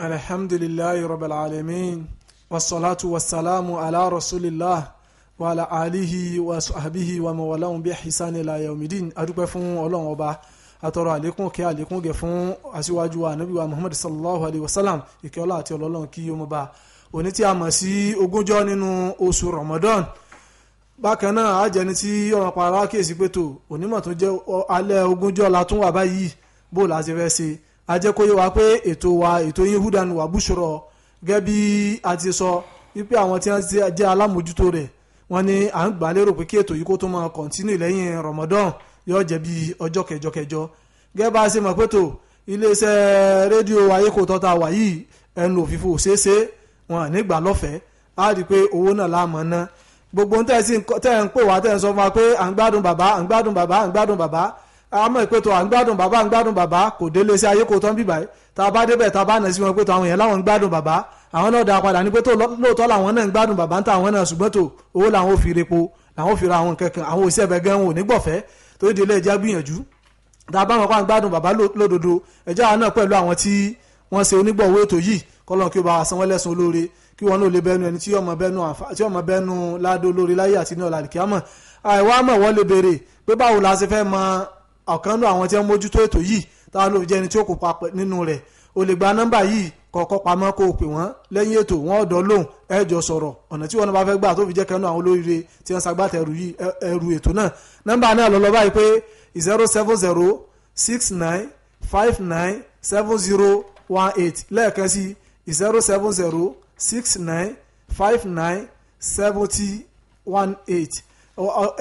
alhamdulilayi rabbil alamin wasalaatu wasalaamu ala rasulillah wa ala alihi wa sahabihi wa mawalahun bi ahisani la yaumidin adúpẹ́ fún Ọlọ́run ọba atọrọ àlékún kẹ àlékún gẹ fún aṣíwájú wa anabi wa muhammad sallallahu alayhi wa sallam ìkẹ́ ọlá àti ọlọlọrun kí o mọ bá òní tí a mọ̀ sí ogúnjọ́ nínú oṣù ramadan bákan náà ajẹni tí ọmọ pàrọ̀ kíyèsí pé tó onímọ̀ tó jẹ́ alẹ́ ogúnjọ́ la tún wà báyìí bó la ti fẹ́ ṣe a jẹ́ kó yé wa pé ètò wa ètò yín húdàn wà búṣọrọ gẹ́gẹ́ bí a ti sọ wípé àwọn tí wọ́n jẹ́ alámòjútó rẹ̀ wọ́n ní à ń gbà pé kí ètò yìí kó tó máa kọ̀ntínú lẹ́yìn Ramadan yóò jẹ́ bí ọjọ́ kẹjọ kẹjọ gẹ́gẹ́ bá a ṣe mọ̀ pé tó iléeṣẹ́ rédíò ayékòótọ́ ta wà yìí ẹnu òfìfo òṣèṣe wọn nígbà lọ́fẹ̀ẹ́ á rí i pé owó náà láàmú ná gbogbo tẹ́ ẹ̀ ń pè wá tẹ́ ẹ̀ ń sọ fún wa pé à ń gbádùn bàbá à ń gbádùn bàbá à ń gbádùn bàbá àmọ́ ìpètò à ń gbádùn bàbá à ń gbádùn bàbá kò délé sí ayé kò tán bíbá yìí tá a bá débẹ̀ tá a bá nà sí wọn pètò àwọn yẹn láwọn ń gbádùn bàbá àwọn náà dá padà ní pé tó lóòótọ́ làwọn náà ń gbádùn bàbá ń ta àwọn náà ṣùgbọ́n tó owó làwọn ò fi repo làwọn ò fi ra àwọn kankan àwọn òṣìṣẹ́ ẹ̀bẹ̀ gan ò ní gbọ̀fẹ́ tó dé ilé ẹja gbìyànjú tá a bá wọn kó à ń gbádùn bàbá lódodo ẹja náà pẹ̀lú àwọn tí wọ́n ṣe onígbọ̀wọ́ ètò yìí kọ́lọ́n kí o bá wa san wọ́n lẹ́sùn olóore kí wọn náà lè bẹnu ẹni tí ọmọ bẹnu tí ọmọ bẹnu ládó lórí láyé àti ní ọ̀làlìkíámọ̀ àìwá mọ̀ wọ́n lè béèrè pé báwo la ṣe fẹ́ mọ ọ̀kan nínú àwọn tí wọ́n mójútó ètò yìí táwọn ló fi jẹ́ ẹni tí ó kópa nínú rẹ̀ o lè gba nọ́mbà yìí kọ̀ọ̀kọ́ pamọ́ kó o pè wọ́n lẹ́yìn ètò wọn ọ̀dọ́ lóhùn ẹ jọ sọ̀rọ̀ ọ̀nà tí wọn bá fẹ́ gbà tó fi jẹ́ kẹ́nu àwọn olóríire tí wọ́n ṣagbátẹ ẹrù ètò náà nọ́mbà náà lọ báyìí pé zero seven zero six nine five nine seven zero one eight lẹ́ẹ̀kan sí zero seven zero six nine five nine seventy one eight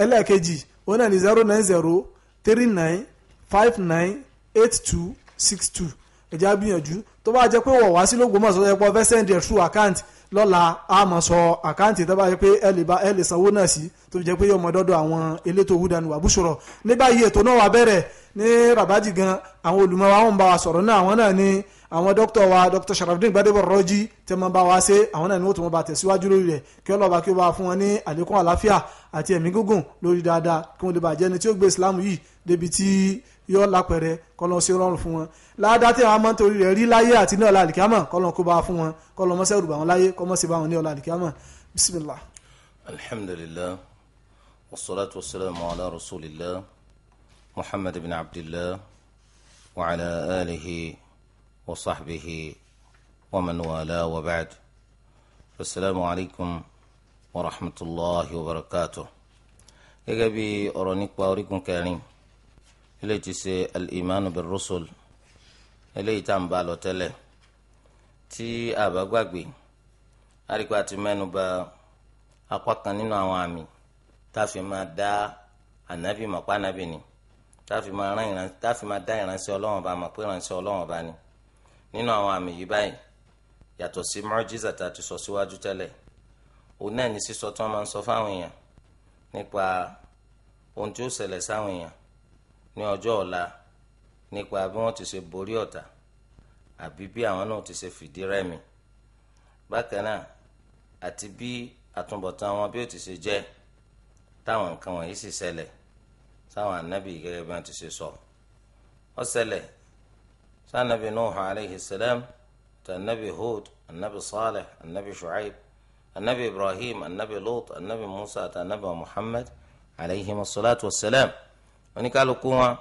ẹlẹ́ẹ̀kejì ó náà ní zero nine zero three nine five nine eight two six two ẹ̀já gbìyànjú tó bá jẹ́ pé wọ̀ wá sí lógbómọ̀ṣọ́ ẹ̀pọ̀ fẹ́ sẹ́ndì ẹ̀ through account lọ́la àmọ́ sọ àkáǹtì tó bá jẹ́ pé ẹ lè ba ẹ lè sanwó náà sí tó jẹ́ pé yọmọ dọ́dọ̀ àwọn elétò wúdani wàbúṣọ̀rọ̀ ní báyìí ètò náà wà bẹ̀rẹ̀ ní rabaji gan àwọn olùmọ̀ wa ń bá wa sọ̀rọ̀ náà àwọn náà ní àwọn dókítà wa dókítà Sharafdin Gbadebo rọjí tẹ mọ bá wa ṣe àwọn náà ni wọn tún mọ bá tẹsíwájú lórí rẹ kí ọlọ́ba kí ó bá fún wọn ní àlékún àlàáfíà àti ẹ̀mí gígùn lórí dáadáa kí wọn lè bàjẹ́ ẹni tí ó gbé Islam yìí débi tí yọ lápẹrẹ kọlọ sí rọrùn fún wọn ládàá tí àwọn máa ń torí rẹ rí láyé àti ní ọ̀la àlìkámọ̀ kọlọ kó bá fún wọn kọlọ mọ́sẹ́ rùbà wọn láyé kọmọ́sẹ́ bá wọn ní ọ̀la àlìkámọ̀ bisimilah. alhamdulilah wasalaatu wasalaamu ala rasulillah muhammad ibn abdillah wa ala alihi. وصحبه ومن والاه وبعد السلام عليكم ورحمة الله وبركاته gẹ́gẹ́ bí ọ̀rọ̀ nípa orígun kẹrin eléyìí ti ṣe al-imanu bir-rusul eléyìí tá à ń bá lọ tẹ́lẹ̀ tí a bá gbàgbé àríkò àti mẹ́nuba apá kan nínú àwọn àmì tá a fi máa dá ànábì mọ̀ tá a fi máa dá ìránṣẹ́ ọlọ́wọ́n bá mọ̀ pé ìránṣẹ́ ọlọ́wọ́n bá ni nínú àwọn àmì yìí báyìí yàtọ̀ sí mọ́jísà tá a ti sọ síwájú tẹ́lẹ̀ òun náà ní sísọ tí wọ́n máa ń sọ fáwọn èèyàn nípa ohun tí ó ṣẹlẹ̀ sáwọn èèyàn ní ọjọ́ ọ̀la nípa bí wọ́n ti ṣe borí ọ̀tá àbí bí àwọn náà ti ṣe fìdí rẹ́mi bákan náà àti bí àtúbọ̀tán wọn bí ó ti ṣe jẹ́ táwọn nǹkan wọ̀nyí sì ṣẹlẹ̀ sáwọn ànábì gẹ́gẹ́ bí wọ́n ti ṣe sọ ó ṣẹlẹ̀ sanabi nuhu alayhi salam ta anabi hud anabi saleh anabi shu'aib anabi ibrahim anabi lut anabi musa àti anabi muhammad alayhi masalatu wasalam oníkálukú wọn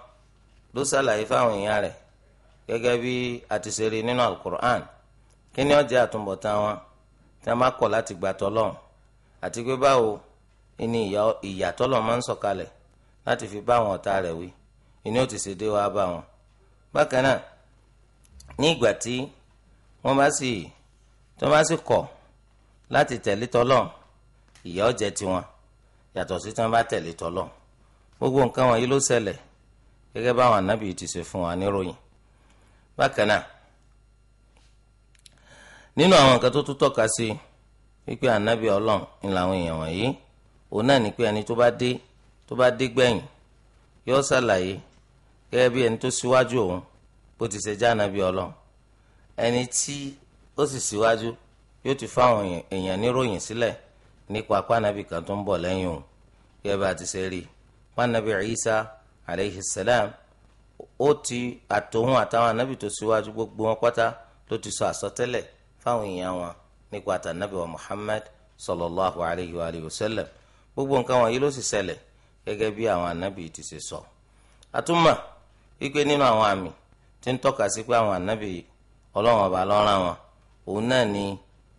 ló ṣàlàyé fáwọn èèyàn rẹ̀ gẹ́gẹ́ bí àtisẹ̀rí nínú alukur'an kí ni ó jẹ́ àtúbọ̀tán wọn tí wọ́n bá kọ̀ láti gbà tọ́lọ́run àti pé báwo ni ìyà tọ́lọ́run máa ń sọ̀kalẹ̀ láti fi bá àwọn ọ̀tá rẹ̀ wí ni ó ti ṣèdè wá bá wọn bákan náà ní ìgbà tí wọ́n bá sì tí wọ́n bá sì kọ̀ láti tẹ̀lé tọ́lọ̀ ìyà ó jẹ tiwọn yàtọ̀ sí tí wọ́n bá tẹ̀lé tọ́lọ̀ gbogbo nǹkan wọ̀nyí ló ṣẹlẹ̀ gẹ́gẹ́ báwọn anábìyí ti ṣe fún wa níròyìn bákan náà nínú àwọn nǹkan tó tún tọ́ka sí wípé ànábì ọlọ́run ni làwọn èèyàn wọ̀nyí òun náà ni pé ẹni tó bá dé tó bá dé gbẹ̀yìn yóò ṣàlàyé gẹ́gẹ́ bí ẹni tó síwájú òun bó ti ṣe jẹ́ ànábì ọlọ́run ẹni tí ó sì síwájú yóò ti fáwọn èèyàn níròyìn sílẹ̀ nípa pànàbì kan tó ń bọ̀ lẹ́yìn òun gẹ́gẹ́ bá a ti ṣe rí pànàbì Isa alayhi salam ó ti àtòhun àtàwọn ànábì tó síwájú gbogbo wọn pátá ló ti sọ àsọtẹ́lẹ̀ fáwọn èèyàn wọn nípa àtànábì wa Muhammad sallallahu alayhi wa alihi wa sallam gbogbo nǹkan wọ̀nyí ló sì ṣẹlẹ̀ gẹ́gẹ́ bí àwọn ànábì ti ṣe sọ àtúmọ̀ wípé nínú àwọn àmì tí ń tọ́ka sí pé àwọn ànábì ọlọ́run ọba lọ́ràn wọn òun náà ni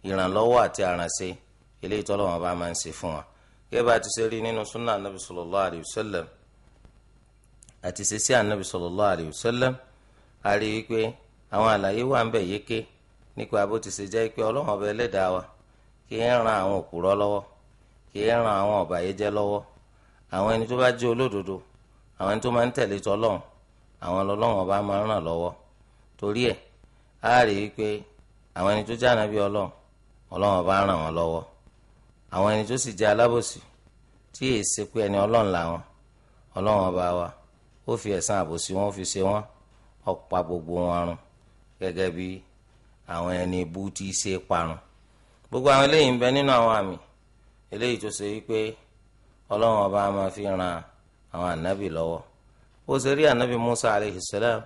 ìrànlọ́wọ́ àti àrànṣe eléyìí tí ọlọ́run ọba máa ń ṣe fún wọn. gẹ́gẹ́ bá a ti ṣe rí nínú súnà ànábì sallallahu alayhi wa sallam àti ṣe sí ànábì sallallahu alayhi wa sallam a rí i pé àwọn àlàyé wà ń bẹ̀ yéké nípa bó ti ṣe jẹ́ pé ọlọ́run ọba ẹlẹ́dàá wa kì í ran àwọn òpùrọ́ lọ́wọ́ kì í ran àwọn ọ̀bàyéjẹ́ lọ́wọ́ àwọn ẹni tó bá jẹ́ olódodo àwọn ẹni tó máa ń tẹ̀lé tọ́lọ́run àwọn lọ́lọ́wọ́n bá máa ràn lọ́wọ́ torí ẹ̀ á rí i pé àwọn ẹni tó jẹ́ ànábì ọlọ́run ọlọ́run bá ràn wọ́n lọ́wọ́ àwọn ẹni tó sì jẹ́ alábòsí tí èyí ṣe pé ẹni ọlọ́run làwọn ọlọ́run bá wa ó fi ẹ̀san àbòsí wọn fi ṣe wọn ọ̀pá gbogbo wọn run gẹ́gẹ́ bí àwọn ẹni ibú tí í ṣe parun gbogbo àwọn eléyìí ń bẹ nínú àwọn àmì eléyìí tó ṣe wípé ọlọ́run ọba máa fi ran àwọn ànábì lọ́wọ́ ó ṣe rí anabi musa alayhi salam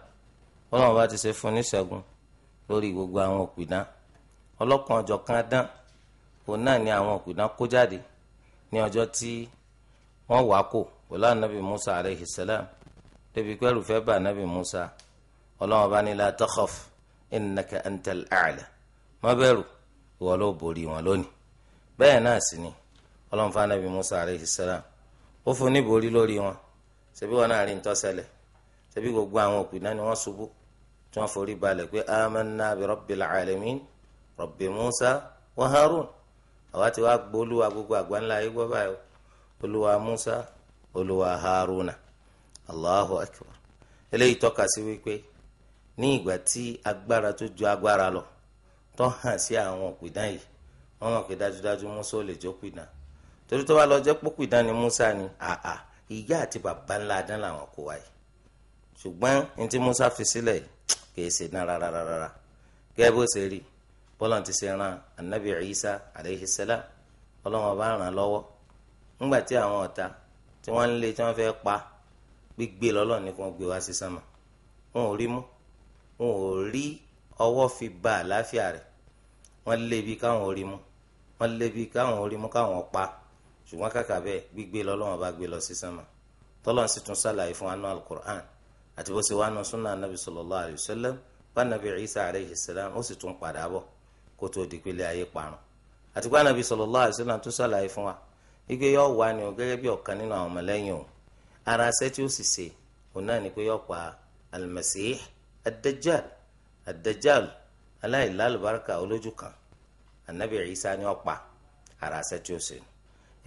ọlọ́run bá ti ṣe fún níṣẹ́gun lórí gbogbo àwọn òpìdán ọlọ́kan ọjọ́ kan dán òun náà ni àwọn òpìdán kó jáde ní ọjọ́ tí wọ́n wà kó pẹ̀lú anabi musa alayhi salam débi pẹ́rù fẹ́ bá anabi musa ọlọ́run bá ní la takhaf innaka antal a'la má bẹ̀rù ìwọ ló borí wọn lónìí bẹ́ẹ̀ náà sì ni ọlọ́run fún anabi musa alayhi ó fún níborí lórí wọn ṣebí wọn náà rí ntọ́ ṣẹlẹ̀ ṣebí gbogbo àwọn òkú náà ni wọ́n ṣubú tí wọ́n forí balẹ̀ pé amanna bi rabbil alamin rabbi musa wa harun àwa ti wá gbọ́ olúwa gbogbo àgbáńlá ayé gbọ́ báyìí olúwa musa olúwa haruna allahu akbar eléyìí tọ́ka sí wípé ní ìgbà tí agbára tó ju agbára lọ tó hàn sí àwọn òpìdán yìí wọ́n mọ̀ pé dájúdájú musa ò lè jẹ́ òpìdán torí tó bá lọ jẹ́ pópìdán ni musa ni àà. Ah, ah ìyá àti bàbá ńlá adán làwọn kó wáyé ṣùgbọ́n ní tí Musa fi sílẹ̀ kìí ṣe náà rárá rárá gẹ́gẹ́ bó ṣe rí bọ́lá ti ṣe ran anabi Isa aleyhi salam ọlọ́wọ́n bá ràn án lọ́wọ́ ńgbà tí àwọn ọ̀tá tí wọ́n ń lé tí wọ́n fẹ́ pa gbígbé lọ́lọ́ ní wọ́n gbé wá sí sánmà wọn ò rí mú wọn ò rí ọwọ́ fi ba àlàáfíà rẹ̀ wọ́n lé bí káwọn ò rí mú wọ́n lé bí káwọn ò rí mú káwọn pa ṣùgbọ́n kàkà bẹ́ẹ̀ gbígbé lọ́lọ́wọ́n bá gbé lọ sí sánmà tọ́lọ́n sì tún sàlàyé fún anú alukur'an àti bó ṣe wà nù súnà anabi sallallahu alayhi wa sallam bánabi isa alayhi salam ó sì tún padà bọ̀ kó tó di pélé ayé parun àti pé anabi sallallahu alayhi wa sallam tún sàlàyé fún wa igbe yóò wá ni o gẹ́gẹ́ bí ọ̀kan nínú àwọn ọmọlẹ́yìn o ara ṣẹ́ tí ó sì ṣe òun náà ni pé yóò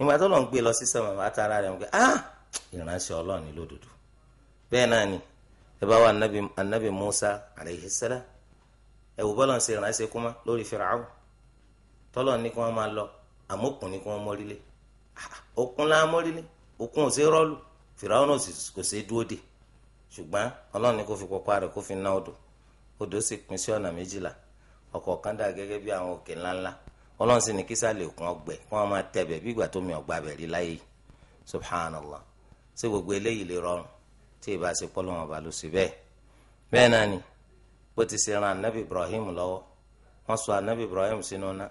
ìgbà tó lọ́n gbé lọ sí sọ́mọ̀ àtàrà rẹ̀ wọ́n gbé ah ìránṣẹ́ ọlọ́run ní lódodo bẹ́ẹ̀ náà ni ẹ bá wà anabi musa alayhi salam ẹ wò bọ́lọ̀ ń ṣe ìránṣẹ́ kúmá lórí fìràwù tọ́lọ̀ ní kí wọ́n máa lọ àmókùn ní kí wọ́n mórílé ah, òkun la mórílé òkun ò sí rọ́ọ̀lù fìràwù náà kò sí dúró dè ṣùgbọ́n ọlọ́run ní kó fi pọ̀pọ̀ rẹ̀ kó fi ná odò odò sì pín sí ọ̀nà méjìlá ọkọ̀ kan dà gẹ́gẹ́ bí àwọn òkè ńláńlá ọlọ́run sì ní kí sálẹ̀ òkun ọgbẹ kí wọ́n máa tẹ̀bẹ̀ bí ìgbà tó mi ọgbà bẹ̀ láyé subhanallah ṣé gbogbo eléyìí lè rọrùn tí ì bá ṣe pọ́ lọ́wọ́n ọba ló ṣe bẹ́ẹ̀ bẹ́ẹ̀ náà ni bó ti ṣe ran anabi ibrahim lọ́wọ́ wọ́n sọ anabi ibrahim sínú náà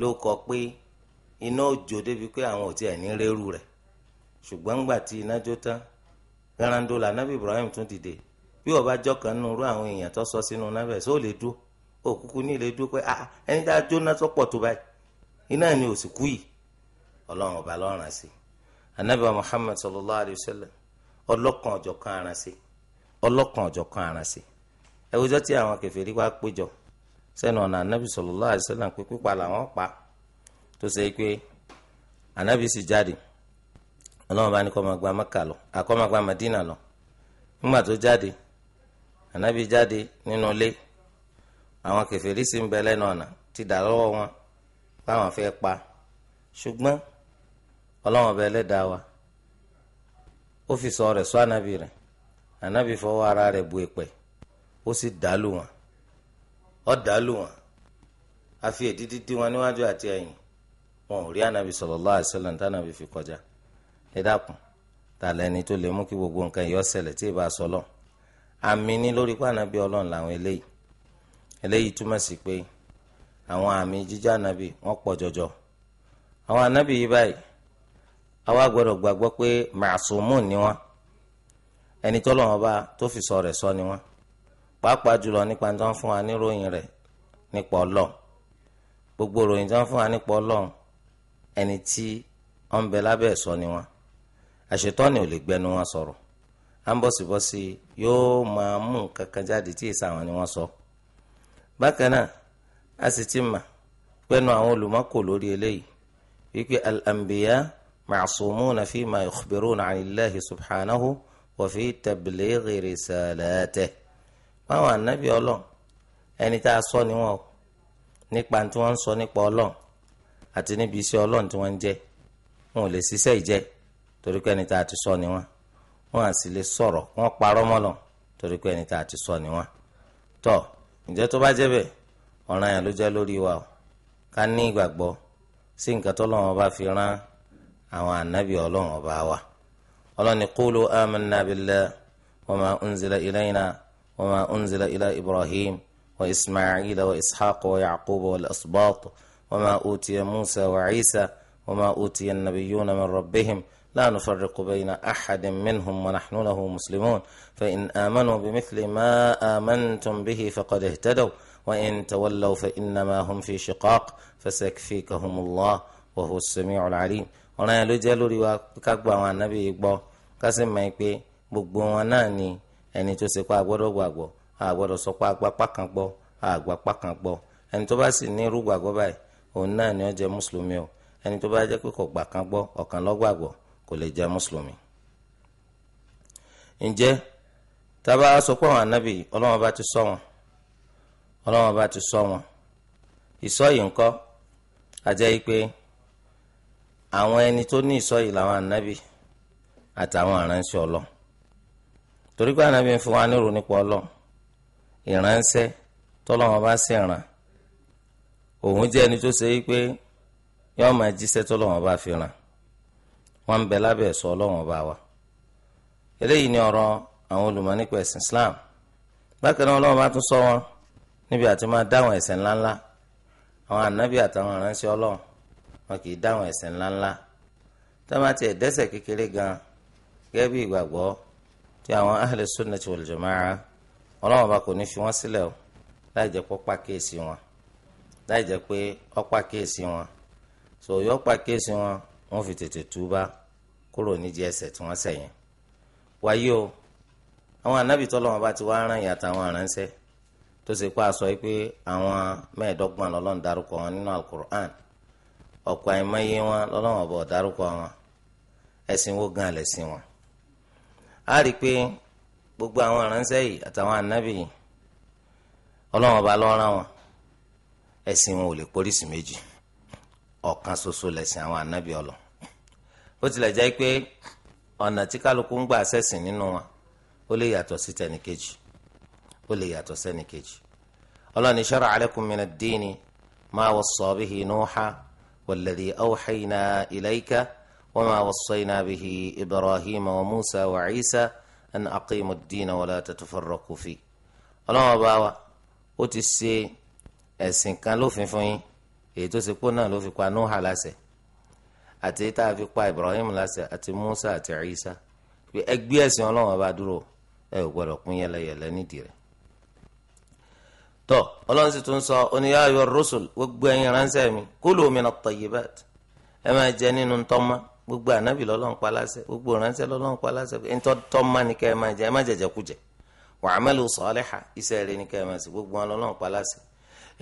ló kọ pé iná òjò débi pé àwọn ò tiẹ̀ ní rérú rẹ̀ ṣùgbọ́n ńgbà tí iná jó tán garandola anabi ibrahim tún dìde bí ọba jọ kan nù rú àwọn èèyàn tó sọ sínú náà bẹ́ẹ̀ só lè dúró òkùnkù niile ilé dúró pé ah, ah ẹni tá a jóná tó pọ̀ tó báyìí iná ni ò sì kú yìí ọlọ́run ọba lọ́ràn sí anabi muhammed sallallahu alayhi wa kan ara sí ọlọ́kan kan ara sí ẹwùjọ́ tí àwọn kẹfẹ́rí wá sẹ́nu ọ̀nà anabi sallallahu wa sallam pé pípa làwọn pa tó ṣe pé anabi sì jáde ọlọ́run bá ní kọ́ máa gba maka lọ àkọ́ máa gba madina lọ nígbà àwọn kẹfẹ́rí sì ń bẹ lẹ́nu ọ̀nà ti dà lọ́wọ́ wọn báwọn fẹ́ pa ṣùgbọ́n ọlọ́wọ́n ọba ẹlẹ́dàá wa ó fi sọ rẹ̀ sọ ànábì rẹ̀ ànábì fọwọ́ ara rẹ̀ bu èpè ó sì dàálù wọn ó dàálù wọn àfi èdídí dí wọn níwájú àti ẹ̀yìn wọn ò rí ànábì sallallahu alaihi wasallam tànàbì fi kọjá ẹ dákun ta lẹni tó lè mú kí gbogbo nǹkan yọ ṣẹlẹ̀ tí ì eléyìí túmọ̀ sí pé àwọn àmì jíjẹ́ ànábì wọ́n pọ̀ jọjọ àwọn ànábì yìí báyìí àwa gbọ́dọ̀ gbàgbọ́ pé màsùmùn ni wọ́n ẹni tọ́lọ́wọ́n bá tó fi sọ rẹ̀ sọ ni wọ́n pàápàá jùlọ nípa tó ń fún wa ní rẹ̀ nípa ọlọ́run gbogbo ròyìn tó ń fún wa nípa ọlọ́run ẹni tí ó bẹ lábẹ́ ẹ̀sọ́ ni wọ́n àṣetọ́ni ò lè gbẹnu wọn sọ̀rọ̀ à ń bọ̀sibọ́sí yóò máa mú nǹkan kan jáde tí ìsàwọn ni wọ́n sọ. So bákan náà a sì ti mà pẹ́nu àwọn olùmọ́kò lórí eléyìí wípé al-anbiya ma'sumuna fima yukhbiruna 'anillahi subhanahu wa fi tablighi risalatihi báwọn ànábì ọlọ́n ẹni tá a sọ ni wọn nípa tí wọ́n ń sọ nípa ọlọ́n àti níbi iṣẹ́ ọlọ́n tí wọ́n ń jẹ́ wọn ò lè ṣiṣẹ́ ìjẹ́ torí pé ẹni tá a ti sọ ni wọn wọn à sì lè sọ̀rọ̀ wọn parọ́ mọ́ torí pé ẹni tá a ti sọ ni wọn tọ́. So, ǹjẹ́ tó bá jẹ́ bẹ́ẹ̀ ọ̀ràn yẹn ló jẹ́ lórí wa o ká ní ìgbàgbọ́ sí nǹkan tọ́lọ́run ọba fi rán àwọn ànábì ọlọ́run ọba wa ọlọ́run ní qulu amanna billah wa ma unzila ilayna wa ma unzila ila ibrahim wa isma'il wa ishaq wa yaqub wal asbat wa ma utiya musa wa isa wa ma utiya nabiyuna min rabbihim. لا نفرق بين أحد منهم ونحن له مسلمون فإن آمنوا بمثل ما آمنتم به فقد اهتدوا وإن تولوا فإنما هم في شقاق فسيكفيكهم الله وهو السميع العليم ọ̀ràn yẹn ló jẹ́ lórí wa ká gba àwọn ànábì yìí gbọ́ ká sì mọ̀ pé gbogbo wọn náà ni ẹni tó ṣe pa àgbọ́dọ̀ gbàgbọ́ àgbọ́dọ̀ sọ pé agbápá kan gbọ́ àgbápá kan gbọ́ ẹni tó bá sì ní irú gbàgbọ́ báyìí òun náà ni ó jẹ́ mùsùlùmí o ẹni tó bá jẹ́ pé kò gbà kan gbọ́ ọ̀kan ló gbàgbọ́ kò lè jẹ́ mùsùlùmí. ǹjẹ́ tábà sọ pé àwọn anábì ọlọ́wọ́n bá ti sọ wọn ọlọ́wọ́n bá ti sọ wọn ìsọyìí ńkọ́ àjẹ́ pé àwọn ẹni tó ní ìsọyìí làwọn anábì àtàwọn aránṣẹ́ ọlọ́run torí pé ànábì ń fún wa nírò nípa ọlọ́run ìránṣẹ́ tọ́lọ́wọ́n bá sì ràn òun jẹ́ ẹni tó ṣe wípé yọ́ọ́ máa jíṣẹ́ tọ́lọ́wọ́n bá fi ràn wọn ń bẹ lábẹ́ ọba wa eléyìí ni ọ̀rọ̀ àwọn olùmọ̀ nípa Islam bákan náà bá tún sọ wọn níbi àti máa dáhùn ẹ̀ṣẹ̀ ńláńlá àwọn ànábì àtàwọn aránṣẹ́ ọlọ́run wọn kì í dáhùn ẹsẹ ńláńlá tá kékeré gan bí fi wọn o láì pé wọn láì pé kéèsì wọn kéèsì wọn fi kúrò nídìí ẹsẹ̀ tí wọ́n wáyé o àwọn ànábì tọ́lọ́wọ́n bá ti wá rán ìyàtọ̀ àwọn aránṣẹ́ tó ṣe pa àṣọ pé àwọn mẹ́ẹ̀ẹ́dọ́gbọ̀n lọ́lọ́run wọn nínú alukur'an ọ̀pọ̀ àìmọye wọn wọn ẹ̀sìn wo gan wọn. a rí i gbogbo àwọn aránṣẹ́ yìí àtàwọn yìí ọba ló wọn ẹ̀sìn wọn ò lè méjì ọ̀kan ṣoṣo lẹ̀sìn àwọn bó tilẹ̀ jẹ́ pé ọ̀nà tí kálukú ń gbà sẹ́sìn nínú wa ó lè yàtọ̀ sí tẹnìkejì ó lè yàtọ̀ sẹ́nìkejì ọlọ́ni shara'a lakum min ad-dini ma wassa bihi nuha walladhi awhayna ilayka wa ma wassayna bihi ibrahima wa musa wa isa an aqimu ad-dina wa la tatafarraqu fi ọlọ́wọ́n bá wa ó ti ṣe ẹ̀sìn kan lófin fún yín èyí tó ṣe pé náà ló fi pa nuha láṣẹ àti tá a fi pa Ibrahim láṣẹ àti Musa àti Isa pé ẹgbẹ́ ẹ̀sìn ọlọ́run ọba dúró ẹ ò gbọ́dọ̀ pín yẹlẹyẹlẹ nídìí rẹ̀. tọ́ ọlọ́run sì tún sọ oníyá ayọ̀ rọ́ṣùl gbogbo ẹ̀yin ránṣẹ́ mi kulu minat tayyibat ẹ máa jẹ nínú ntọ́mọ́ gbogbo ànábì lọ́lọ́run pa láṣẹ gbogbo ránṣẹ́ lọ́lọ́run pa láṣẹ pé ntọ́mọ́ ni kẹ́ ẹ máa jẹ ẹ má jẹjẹ kújẹ wa'malu saliha iṣẹ́ rere ni kẹ́ ẹ máa ṣe gbogbo wọn lọ́lọ́run pa láṣẹ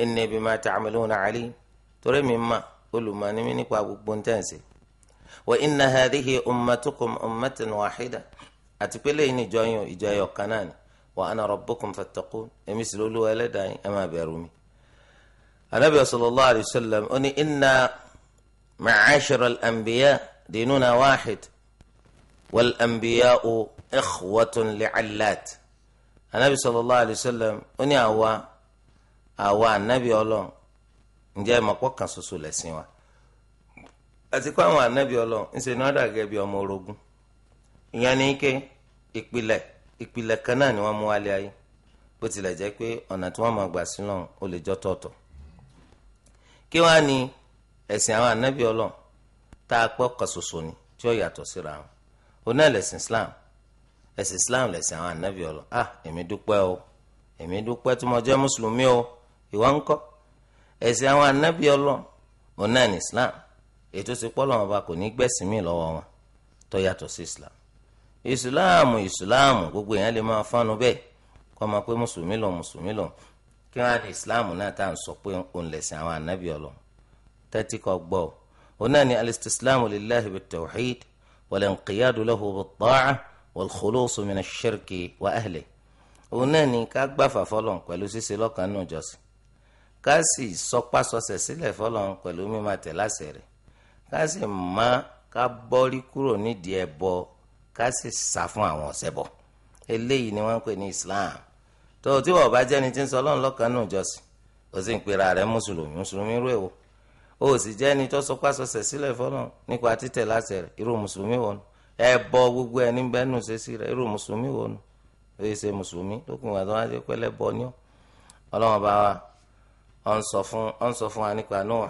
inni bima ta'maluna alim torí mi mà olùmọ̀ ni mí nípa gbogbo ntẹ́ǹsì wa inna hadhihi ummatukum ummatan wahida àti pé lẹ́yìn ìjọ yín ìjọ ẹyọ kan náà ni wa ana rabbukum fattaqun èmi sì lólu ẹlẹ́dàá yín ẹ máa bẹ̀rù mi. anabi sallallahu alayhi wa sallam ó ní inna ma'ashira al-anbiya dinuna wahid wal anbiya'u ikhwatun li'allat anabi sallallahu alayhi wa sallam ó ní àwa àwa anabi ọlọ́run ǹjẹ́ mọ̀ pọ̀ kan ṣoṣo lẹ́sìn wa àti kó àwọn ànábì ọlọ́run ńṣe ni wọ́n dà gẹ́gẹ́ bí ọmọ orogún ìyẹn ni pé ìpìlẹ̀ ìpìlẹ̀ kan náà ni wọ́n mú wálé ayé bó tilẹ̀ jẹ́ pé ọ̀nà tí wọ́n máa gbà sí náà ó lè jọ tọ̀ọ̀tọ̀ kí wọ́n á ní ẹ̀sìn àwọn ànábì ọlọ́run tá a pọ̀ kan ni tí ó yàtọ̀ síra wọn òun náà lẹ̀sìn Islam ẹ̀sìn Islam lẹ̀sìn àwọn ànábì ọlọ́run ah èmi dúpẹ́ o èmi dúpẹ́ tí mo jẹ́ mùsùlùmí o ìwọ ńkọ́ ẹ̀sìn àwọn ànábì ọlọ́run òun náà ní Islam ètò ìsepọ́lọ̀ wọn bá kò ní gbẹ̀sìn mí lọ́wọ́ wọn tó yàtọ̀ sí islam ìsìláàmù ìsìláàmù gbogbo èèyàn lè máa fánu bẹ́ẹ̀ kọ́ máa pé mùsùlùmí lọ mùsùlùmí lọ kí wọ́n á ní ìsìláàmù náà tá à ń sọ pé òun lẹ̀sìn àwọn ànábì ọlọ tẹ́tí kọ gbọ́ ọ òun náà ní alistislaamu lillahi bi tawhid wal inqiyadu lahu bi ta'a wal khulusu min shirki wa ahli òun náà ní ká gbàfà fọlọ́n pẹ̀lú ṣíṣe lọ́kàn náà jọ́sìn ká sì sọpá sọsẹ̀ sílẹ̀ fọlọ́n pẹ̀lú mímọ̀ tẹ̀ rẹ̀ ká sì má ká bọ́rí kúrò nídìí ẹbọ ká sì sá fún àwọn ọ̀ṣẹbọ eléyìí ni wọ́n ń pè ní Islam tó o tí wọ́n bá jẹ́ni tí ń sọ ọlọ́run lọ́kàn náà jọ́sìn o sì ń pera rẹ̀ mùsùlùmí mùsùlùmí rú èwo o sì jẹ́ni tó sọ pásọsẹ̀ sílẹ̀ fọ́nà nípa títẹ̀ láṣẹ rẹ̀ irú mùsùlùmí wọn ẹbọ gbogbo ẹni bẹ́ẹ̀ nù ṣe sí rẹ̀ irú mùsùlùmí wọn o yẹ ṣe mùsùlùmí lókun ìgbà tó wá pẹ́lẹ́ bọ́ ní ọ ọlọ́run bá wa ọ ń sọ fún wa nípa Nuh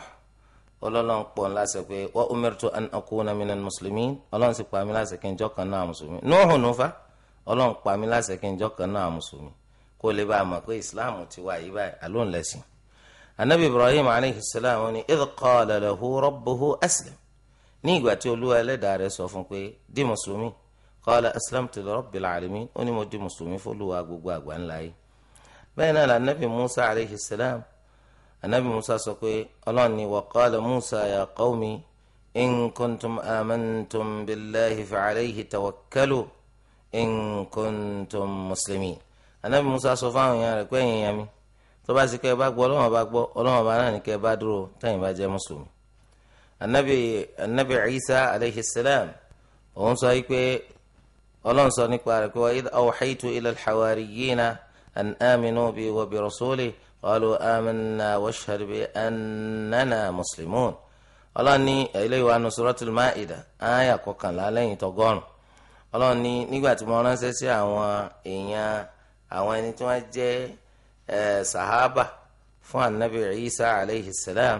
ọlọ́lọ́n pọ̀ láṣẹ pé wa umirtu an akuna minal muslimin ọlọ́run sì pa mí láṣẹ kí n jọ́ kan náà mùsùlùmí nóòhùn nófà ọlọ́run pa mí láṣẹ kí n jọ́ kan náà mùsùlùmí kó lè bá a mọ̀ pé islam ti wà yí báyìí àlóhùn lẹ́sìn. anabi ibrahim aleyhi salaam ni idh qala lahu rabbuhu aslam ní ìgbà tí olúwa ẹlẹ́dàá rẹ̀ sọ fún pé di mùsùlùmí qala aslamtu li rabbil alamin ó ní mo di mùsùlùmí fún olúwa gbogbo àgbáńlá yìí bẹ́ẹ̀ náà lànàbì musa aleyhi salaam anabi musa sọ pé ọlọ́run ni waqala musa ya qawmi in kuntum amantum billahi fa alayhi tawakkalu in kuntum muslimin anabi musa sọ fáwọn èèyàn rẹ̀ pé ẹ̀yin èèyàn mi tó bá sì kẹ́ ẹ bá gbọ́ ọlọ́run bá gbọ́ ọlọ́run bá náà ní kẹ́ ẹ bá dúró tẹ̀yin bá jẹ́ mùsùlùmí anabi anabi isa alayhi salam òun sọ yìí pé ọlọ́run sọ nípa rẹ̀ pé wa idh awhaytu ila al-hawariyina an aminu bi wa bi rasulihi. قالوا آمنا واشهد بأننا مسلمون ọlọ́ni eléyìí wa nusratul maida aya kọkànlá lẹ́yìn tọgọ́rùn ọlọ́ni nígbà tí mo ránṣẹ́ sí àwọn èèyàn àwọn ẹni tí wọ́n jẹ́ sahaba fún anabi isa aleyhi salam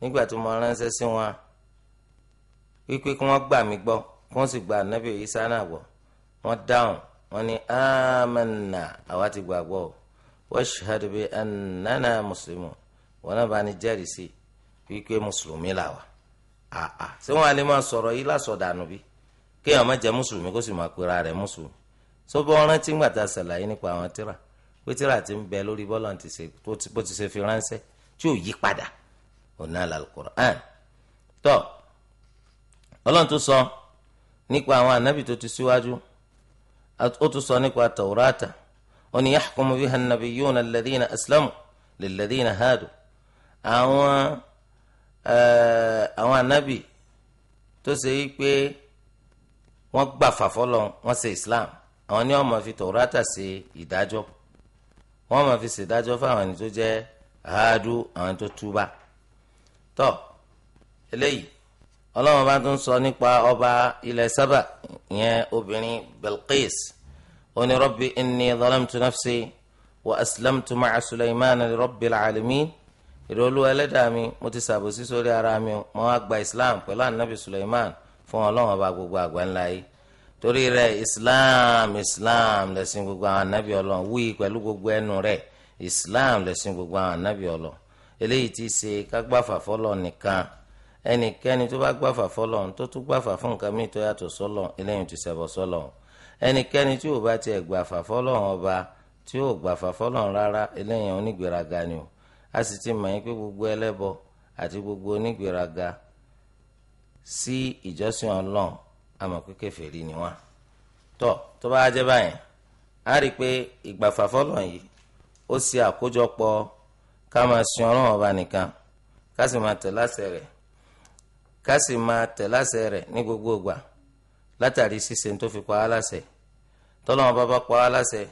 nígbà tí mo ránṣẹ́ sí wọn wípé kí wọ́n gbà mí gbọ́ kí wọ́n sì gba anabi isa náà gbọ́ wọ́n dáhùn wọ́n ní amanna àwa ti gbàgbọ́ o washhad bi مسلمون muslimun wọn náà bá ní jẹ́rìí sí wípé mùsùlùmí là wà àà ṣé wọn àlè máa sọ̀rọ̀ yìí lásọdànù bí kéèyàn má jẹ́ mùsùlùmí kó sì máa pera rẹ̀ mùsùlùmí sọ́bọ̀ rántí gbàtà ṣàlàyé nípa àwọn tíra pé tíra ti ń bẹ lórí bọ́lá bó ti ṣe fi ránṣẹ́ tí ò yí padà ọ̀nà al-Qur'an tọ́ ọlọ́run tó sọ nípa àwọn ànábì tó ti síwájú ó tún sọ nípa Taurata. أن يحكم بها النبيون الذين أسلموا للذين هادوا àwọn eh, àwọn anabi tó ṣe yí pé wọ́n gbà fàfọlọ wọ́n ṣe islam àwọn ni wọ́n máa fi tòrátà ṣe ìdájọ́ wọ́n máa fi ṣèdájọ́ fáwọn ẹni tó jẹ́ haadu àwọn tó túbà tó eléyìí ọlọ́run bá tún sọ nípa ọba ilẹ̀ sábà ìyẹn obìnrin belqis ó ربي إني ظلمت نفسي وأسلمت مع سليمان لرب العالمين li rabbil alamin ìrọ̀lú ẹlẹ́dàá mi mo ti ṣàbòsí sórí ara mi mo wá gba islam pẹ̀lú anabi suleiman fún ọlọ́run ọba gbogbo àgbáńlá yìí torí rẹ̀ islam islam lẹ́sìn gbogbo àwọn anabi ọlọ́run wí pẹ̀lú gbogbo ẹnu rẹ̀ islam lẹ́sìn gbogbo àwọn anabi ọlọ́run eléyìí ti ṣe kágbáfà nìkan ẹnikẹ́ni tó bá gbáfà tó tún gbáfà fún nǹkan mìíràn tó yàtọ̀ sọ́lọ́ eléyìí ti ṣẹbọ sọ́lọ́ ẹnikẹ́ni tí ò bá tiẹ̀ gbà fàfọ́lọ́hún ọba tí ò gbà fàfọ́lọ́hún rárá eléyàn onígbèraga ni o a sì ti mọ̀ yín pé gbogbo ẹlẹ́bọ àti gbogbo onígbèraga sí ìjọsìn ọlọ́run àmọ́ pé kèfèrí ni wọ́n. tọ́ tó bá jẹ́ báyìí a rí i pé ìgbà fàfọ́lọ́hún yìí ó ṣe àkójọpọ̀ ká máa sin ọlọ́run ọba nìkan ká sì máa tẹ̀ láṣẹ rẹ̀ ká sì máa tẹ̀ láṣẹ rẹ̀ ní gbogbo ìgbà látàrí ṣíṣe tó fi pa á láṣẹ tọ́lọ́wọ́n bá bá pa á láṣẹ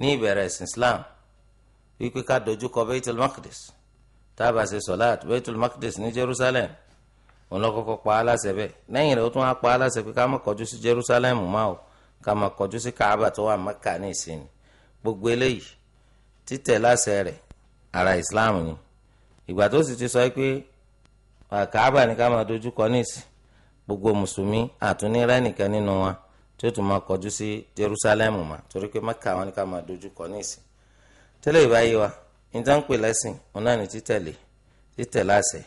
ní ìbẹ̀rẹ̀ ẹ̀sìn Islam wípé ká dojú kọ Baitul Maqdis tá a bá ṣe sọ̀láàt Baitul Maqdis ní Jerusalem òun lọ kọ́kọ́ pa á láṣẹ bẹ́ẹ̀ lẹ́yìn rẹ̀ ó tún á pa á láṣẹ pé ká má kọjú sí Jerusalem máa o ká má kọjú sí Kaaba tó wà Mẹ́kà ní ìsinmi gbogbo eléyìí títẹ̀ láṣẹ rẹ̀ ara Islam ni ìgbà tó sì ti sọ pé Kaaba ni ká máa dojú kọ ní ìsìn gbogbo mùsùlùmí àtúnirẹ́ nìkan nínú wa tí ó tún máa kọjú sí Jerusalem mà torí pé Mẹ́kà wọn ni ká máa dojú kọ níìsín tẹ́lẹ̀ ìbáyé wa ìdánpè lẹ́sìn òun náà ní títẹ̀lé títẹ̀lé àṣẹ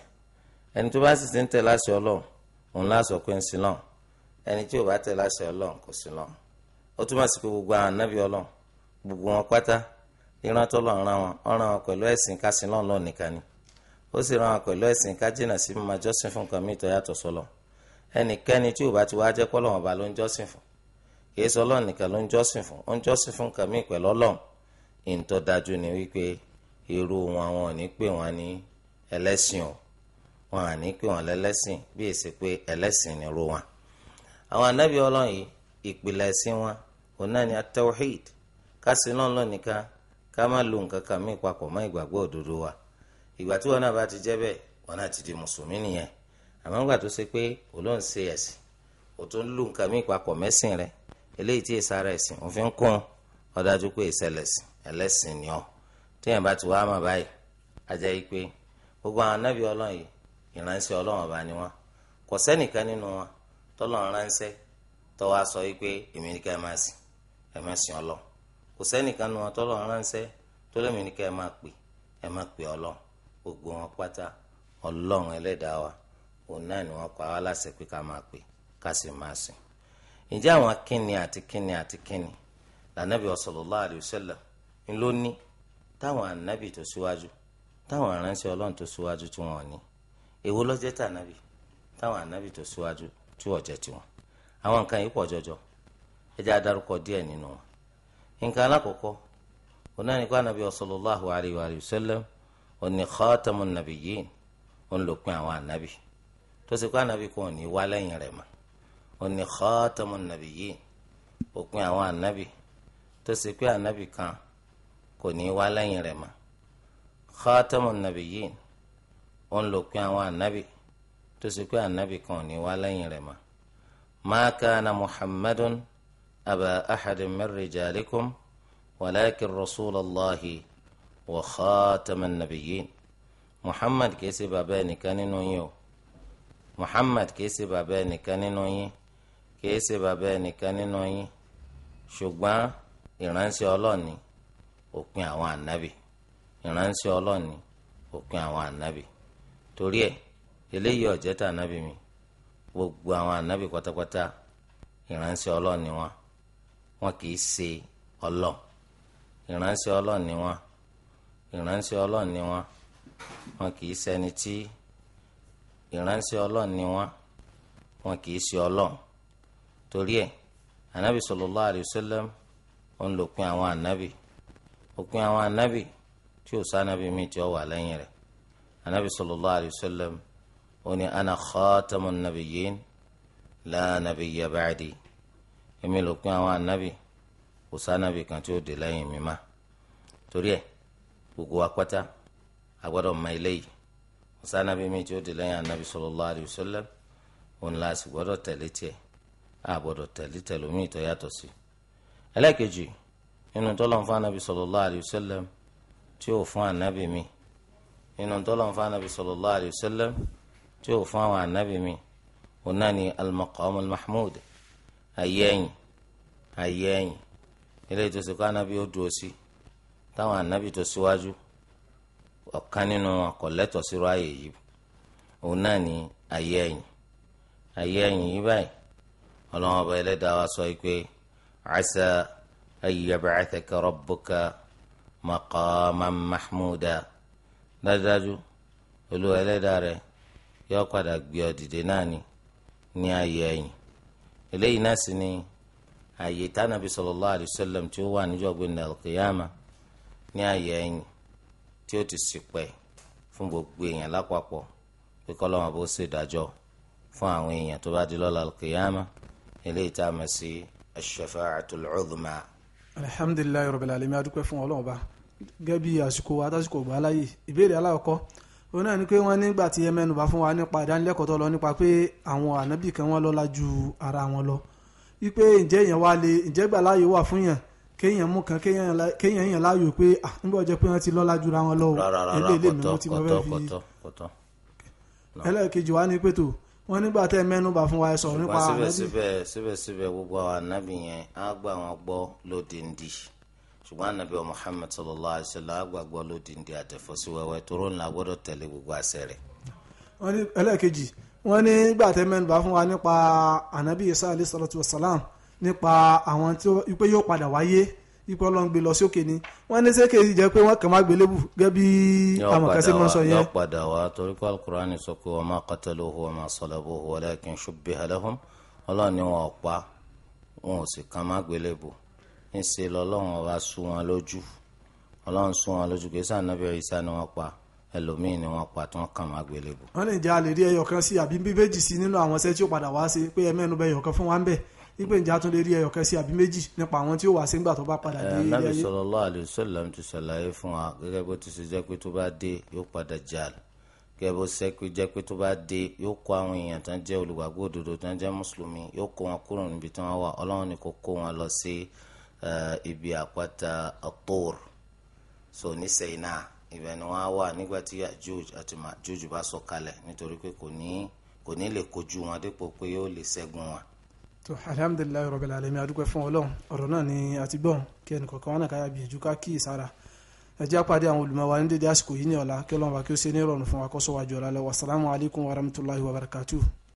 ẹni tó bá sì ti ń tẹ̀lé àṣẹ Ọlọ́run òun láṣọ pé ń sin lọ́n ẹni tí ò bá tẹ̀lé àṣẹ Ọlọ́run kò sin lọ́n ó túmọ̀ sí pé gbogbo àwọn ànábì Ọlọ́run gbogbo wọn pátá ìran tó lọ ran wọn ọ̀ràn wọn pẹ̀lú ẹ̀sìn ká sin lọ́n lọ́n nìkan ni ó sì ran wọn pẹ̀lú ẹ̀sìn ká jìnnà sí mímájọ́sìn fún kan mí ìtọ́yàtọ̀ sọlọ́n ẹnikẹ́ni tí ò bá ti wá jẹ́ pọ́lọ́wọ́n ọba ló ń jọ́sìn fún kìí sọ ọlọ́run nìkan ló ń jọ́sìn fún ó ń jọ́sìn fún nǹkan míì pẹ̀lú ọlọ́run ìǹtọ́ dájú ni wípé irú wọn àwọn ò ní pè wọn ní ẹlẹ́sìn o wọn à ní pè wọn lẹ́lẹ́sìn bí èsì pé ẹlẹ́sìn ni irú wọn. àwọn anábì ọlọ́run yìí ìpìlẹ̀ ẹ̀sìn wọn òun náà ni atawhid kásì náà lọ nìkan ká má lo nǹkan kan míì papọ̀ mọ́ ìgbàgbọ́ òdodo wa ìgbà tí wọn náà bá ti jẹ́ bẹ́ẹ̀ wọn náà ti di mùsùlùmí nìyẹn àmọ́ nígbà tó ṣe pé olóhùn ṣe ẹ̀sìn ò tó ń lù nǹkan mí papọ̀ mẹ́sìn rẹ eléyìí tí èsì ara ẹ̀sìn òfin ń kún ọ dájú pé ìṣẹlẹ̀sìn ẹlẹ́sìn ni ọ téèyàn bá ti wá mà báyìí a jẹ́ pé gbogbo àwọn anábì ọlọ́run yìí ìránṣẹ́ ọlọ́run ọba ni wọn kò sẹ́nìkan nínú wọn tọ́lọ́run ránṣẹ́ tọ́wọ́ sọ wípé èmi ní ká ẹ máa sìn ẹ máa sìn ọlọ́run ọlọ́run ẹlẹ́dàá wa òun náà ni wọ́n pa wá láṣẹ pé ká máa pè ká sì máa sìn ǹjẹ́ àwọn kíni àti kíni àti kíni lànàbì sallallahu alayhi wa sallam ń ló ní táwọn ànábì tó síwájú táwọn aránṣẹ́ Ọlọ́run tó síwájú tí wọn ò ní èwo lọ́jẹ́ tà nábì táwọn ànábì tó síwájú tí wọ́n jẹ́ tiwọn àwọn nǹkan yìí pọ̀ jọjọ ẹ jẹ́ adarúkọ díẹ̀ nínú wọn nǹkan alákọ̀ọ́kọ́ onáni kó ànábì sallallahu alayhi wa sallam òní khatamun nabiyyin òun lòpin àwọn tó ṣe pé ànábì kan ò ní wá lẹ́yìn rẹ̀ mọ́ ó ní khatamun nabiyyin òpin àwọn ànábì tó ṣe pé ànábì kan kò ní wá lẹ́yìn rẹ̀ mọ́ khatamun nabiyyin ó ń lòpin àwọn ànábì tó ṣe pé ànábì kan ò ní wá lẹ́yìn rẹ̀ mọ́ ma kana aba ahadin min rijalikum walakin rasulallahi wa khatamun nabiyyin muhammad kìí ṣe bàbá ẹnìkan nínú yín o. muhammad kìí ṣe bàbá ẹnìkan nínú yín kìí ṣe bàbá ẹnìkan nínú yín ṣùgbọ́n ìránṣẹ́ ọlọ́ọ̀ni òpin àwọn ànábì ìránṣẹ́ ọlọ́ọ̀ni òpin àwọn ànábì torí eléyìí ọ̀jẹ́ tà ànábì mi gbogbo àwọn ànábì pátápátá ìránṣẹ́ ọlọ́ọ̀ni wọn wọn kìí ṣe ọlọ́ ìránṣẹ́ ọlọ́ọ̀ni wọn ìránṣẹ́ ọlọ́ọ̀ni wọn wọn kìí ṣẹni ìránṣẹ́ ọlọ́run ni wọ́n wọn kì í ṣe ọlọ́run torí ẹ̀ anabi sallallahu alayhi wa sallam òun ló pin àwọn anabi òpin àwọn anabi tí ò sá anabi mi tí ó wà lẹ́yìn rẹ̀ anabi sallallahu alayhi wa sallam òun ni ana khatamun nabiyyin la nabiyya ba'di èmi ló pin àwọn anabi kò sá kan tí ó dé lẹ́yìn mi má torí ẹ̀ gbogbo apáta a mọ eléyìí sanabi mi tí ó di lẹ́yìn anabi sallallahu alayhi wa sallam òun la sì gbọ́dọ̀ tẹ̀lé tiẹ̀ a gbọ́dọ̀ tẹ̀lé tẹ̀lómi ìtọ́ yàtọ̀ sí. ẹlẹ́kejì nínú tọ́lọ̀ fún anabi sallallahu alayhi wa sallam tí ó fún anabi mi nínú tọ́lọ̀ fún anabi sallallahu alayhi wa sallam tí ó fún àwọn anabi mi òun náà ni al-maqam al-mahmud ayẹ́yìn ayẹ́yìn ilé anabi ó dúró sí táwọn anabi tó síwájú. Si ọ̀kan nínú àkọ́lẹ́tọ̀ sírò ààyè yìí òun náà ni ayé ẹ̀yìn ayé ẹ̀yìn yìí báyìí ọlọ́run ọba ẹlẹ́dàá wa sọ pé asa ayyab'athaka rabbuka maqaman mahmuda dájúdájú olú ẹlẹ́dàá rẹ yóò padà gbé ọ dìde náà ni ní ayé ẹ̀yìn eléyìí náà sì ni àyè tánàbí sallallahu alaihi tí ó wà níjọ́ gbẹ̀ndàlùkìyàmà ní ayé ẹ̀yìn tí ó ti ṣìpẹ̀ fún gbogbo èèyàn lápapọ̀ pé kọ́lọ́wọ́n bó ṣe dájọ́ fún àwọn èèyàn tó bá di lọ́la kìyàmá eléyìí tá a mọ̀ sí ash-shafa'atul 'udhma. alhamdulilayi rabbil alamin adúpẹ́ fún Ọlọ́run ba gẹ́gẹ́ bí àsìkò adásìkò gbà láàyè ìbéèrè alákọ̀ọ́ òun náà ni pé wọ́n nígbà tí ẹ mẹ́nubà fún wa nípa ìdánilẹ́kọ̀ọ́ lọ nípa pé àwọn ànábì kan wọ́n lọ́lá ju ara wọn lọ wípé ǹjẹ́ èèyàn wá lè ǹjẹ́ gbà wà fún yàn kéèyàn mú kan kéèyàn yàn láàyò pé ah, nígbà ọjọ́ pé wọ́n ti lọ́lá jura wọn lọ́wọ́ ilé ilé mi mo ti mọ fẹ́ fi ẹlẹ́ẹ̀kejì wa ni pẹ̀tọ́ wọ́n nígbà tẹ́ mẹ́nubà fún wa sọ̀rọ̀ nípa ànábì. síbẹ̀síbẹ̀ síbẹ̀síbẹ̀ gbogbo àwọn ànábì yẹn á gbà wọn gbọ́ lódìndí ṣùgbọ́n ànábì wa Muhammad sallallahu alayhi wa sallam á gbà gbọ́ lódìndí àtẹ̀fọ́síwẹ́wẹ́ tó rọ́ọ̀nù àgbọ́dọ̀ tẹ̀lé gbogbo àṣẹ rẹ̀. wọ́n ní ẹlẹ́ẹ̀kejì wọ́n ní gbà tẹ́ fún wa nípa ànábì Isa alayhi salatu wa salam nípa àwọn tí wípé yóò padà wáyé ipò ọlọ́run gbé lọ sókè ni wọ́n ní sékè jẹ́ pé wọ́n kàn má gbé lébù gẹ́gẹ́ bí amọ̀kásí mọ̀ sọ yẹn. yóò padà wá torí pé alukur'an sọ pé wa ma qataluhu wa ma salabuhu walakin shubbiha lahum ọlọ́run ni wọn ò pa wọn ò sì kàn má gbé lébù ńṣe lọ́lọ́run ọba sún wọn lójú ọlọ́run sún wọn lójú kì í sàn nábì Ìsá ni wọ́n pa ẹlòmíín ni wọ́n pa tí wọ́n kàn má gbé lébù. wọ́n lè jẹ́ àlè rí ẹyọkan wípé ǹjẹ́ tún lè rí ẹyọkẹ́ sí àbí méjì nípa àwọn tí ó wà sígbà tó bá padà dé ilé ayé. Nabi sallallahu alaihi wasallam ti ṣàlàyé fún wa gẹ́gẹ́ bó ti ṣe jẹ́ pé tó bá dé yóò padà jàl gẹ́gẹ́ bó sẹ́kù jẹ́ pé tó bá dé yóò kó àwọn èèyàn tán jẹ́ olùgbàgbọ́ òdodo tán jẹ́ mùsùlùmí yóò kó wọn kúrò níbi tí wọ́n wà ọlọ́run ni kò kó wọn lọ sí ibi àpáta At-Tur so ní Sẹ́yìnà ibẹ̀ ni wọ́n á wà nígbà tí Yájúj àti Májúj bá sọ̀kalẹ̀ nítorí pé kò ní lè kojú wọn dípò pé yóò lè ṣẹ́gun wọn tó alhamdulilayi rabbil alamin adúpẹ́ fún ọlọ́run ọ̀rọ̀ náà ni a ti gbọ́n kí ẹnì kọ̀ọ̀kan wọn náà káyà gbìyànjú ká kí ìsára ẹ jẹ́ àwọn olùmọ̀ wa ní dédé àsìkò yìí ní ọ̀la kí ọlọ́run bá kí ó ṣe ní ìrọ̀rùn fún wa kó sọ wájú ọ̀la lọ wàsálàmù alaykum wa rahmatulahi wa barakatuh.